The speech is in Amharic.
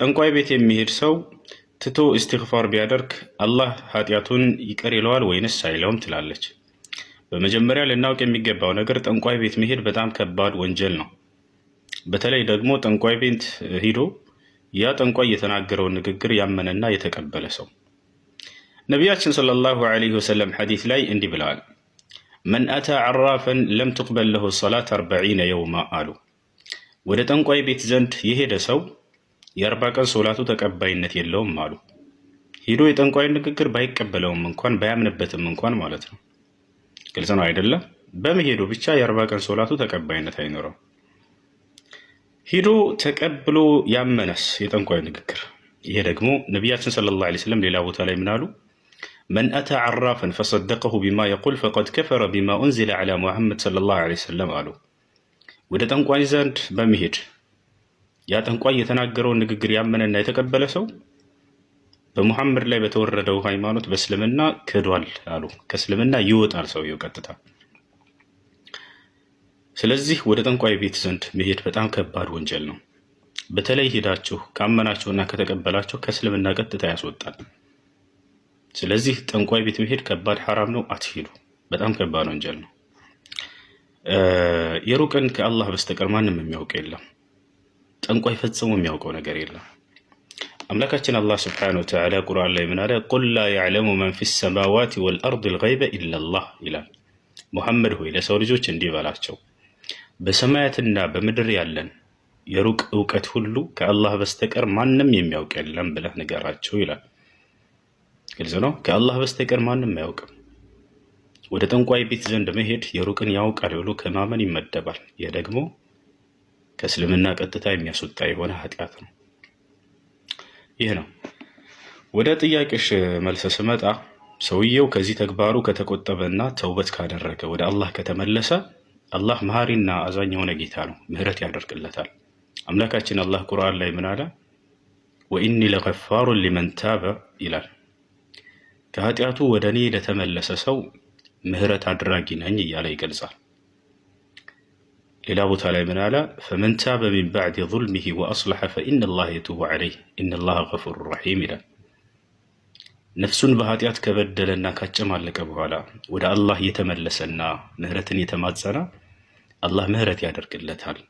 ጠንቋይ ቤት የሚሄድ ሰው ትቶ እስትግፋር ቢያደርግ አላህ ኃጢአቱን ይቅር ይለዋል ወይንስ አይለውም ትላለች። በመጀመሪያ ልናውቅ የሚገባው ነገር ጠንቋይ ቤት መሄድ በጣም ከባድ ወንጀል ነው። በተለይ ደግሞ ጠንቋይ ቤት ሂዶ ያ ጠንቋይ የተናገረውን ንግግር ያመነና የተቀበለ ሰው ነቢያችን ሰለላሁ ዐለይሂ ወሰለም ሐዲስ ላይ እንዲህ ብለዋል። መን አታ ዓራፈን ለም ትቅበል ለሁ ሰላት አርበዒነ የውማ አሉ። ወደ ጠንቋይ ቤት ዘንድ የሄደ ሰው የአርባ ቀን ሶላቱ ተቀባይነት የለውም አሉ። ሂዶ የጠንቋይ ንግግር ባይቀበለውም እንኳን ባያምንበትም እንኳን ማለት ነው። ግልጽ ነው አይደለም? በመሄዱ ብቻ የአርባ ቀን ሶላቱ ተቀባይነት አይኖረው። ሄዶ ተቀብሎ ያመነስ የጠንቋይ ንግግር ይሄ ደግሞ ነቢያችን ሰለላሁ ዐለይሂ ወሰለም ሌላ ቦታ ላይ ምናሉ? መን አታ ዓራፈን ፈሰደቀሁ ቢማ የቁል ፈቀድ ከፈረ ቢማ ኡንዚለ ዐላ ሙሐመድ ሰለላሁ ዐለይሂ ወሰለም አሉ። ወደ ጠንቋይ ዘንድ በመሄድ ያ ጠንቋይ የተናገረውን ንግግር ያመነና የተቀበለ ሰው በሙሐመድ ላይ በተወረደው ሃይማኖት በእስልምና ክዷል አሉ። ከእስልምና ይወጣል ሰውየው ቀጥታ። ስለዚህ ወደ ጠንቋይ ቤት ዘንድ መሄድ በጣም ከባድ ወንጀል ነው። በተለይ ሄዳችሁ ካመናችሁና ከተቀበላችሁ ከእስልምና ቀጥታ ያስወጣል። ስለዚህ ጠንቋይ ቤት መሄድ ከባድ ሐራም ነው፣ አትሄዱ። በጣም ከባድ ወንጀል ነው። የሩቅን ከአላህ በስተቀር ማንም የሚያውቅ የለም። ጠንቋይ ፈጽሞ የሚያውቀው ነገር የለም። አምላካችን አላህ ስብሓነሁ ወተዓላ ቁርአን ላይ ምን አለ? ቁል ላ ያዕለሙ መን ፊ ሰማዋት ወልአርድ ልገይበ ኢለላህ ይላል። ሙሐመድ ሆይ ለሰው ልጆች እንዲህ በላቸው በሰማያትና በምድር ያለን የሩቅ እውቀት ሁሉ ከአላህ በስተቀር ማንም የሚያውቅ የለም ብለህ ንገራቸው ይላል። ግልጽ ነው። ከአላህ በስተቀር ማንም አያውቅም። ወደ ጠንቋይ ቤት ዘንድ መሄድ የሩቅን ያውቃል ብሎ ከማመን ይመደባል። ይህ ደግሞ ከእስልምና ቀጥታ የሚያስወጣ የሆነ ኃጢአት ነው። ይህ ነው። ወደ ጥያቄሽ መልሰ ስመጣ ሰውየው ከዚህ ተግባሩ ከተቆጠበና ተውበት ካደረገ ወደ አላህ ከተመለሰ አላህ መሀሪና አዛኝ የሆነ ጌታ ነው። ምህረት ያደርግለታል። አምላካችን አላህ ቁርአን ላይ ምን አለ? ወኢኒ ለገፋሩን ሊመን ታበ ይላል። ከኃጢአቱ ወደ እኔ ለተመለሰ ሰው ምህረት አድራጊ ነኝ እያለ ይገልጻል። ሌላ ቦታ ላይ ምን አለ? ፈመን ታበ ሚን ባዕድ ዙልሚሂ ወአስለሐ ፈኢነላህ የቱቡ ዓለይህ ኢነላህ ገፉሩ ረሒም ይላል። ነፍሱን በኃጢአት ከበደለና ካጨማለቀ በኋላ ወደ አላህ የተመለሰና ምህረትን የተማጸና አላህ ምህረት ያደርግለታል።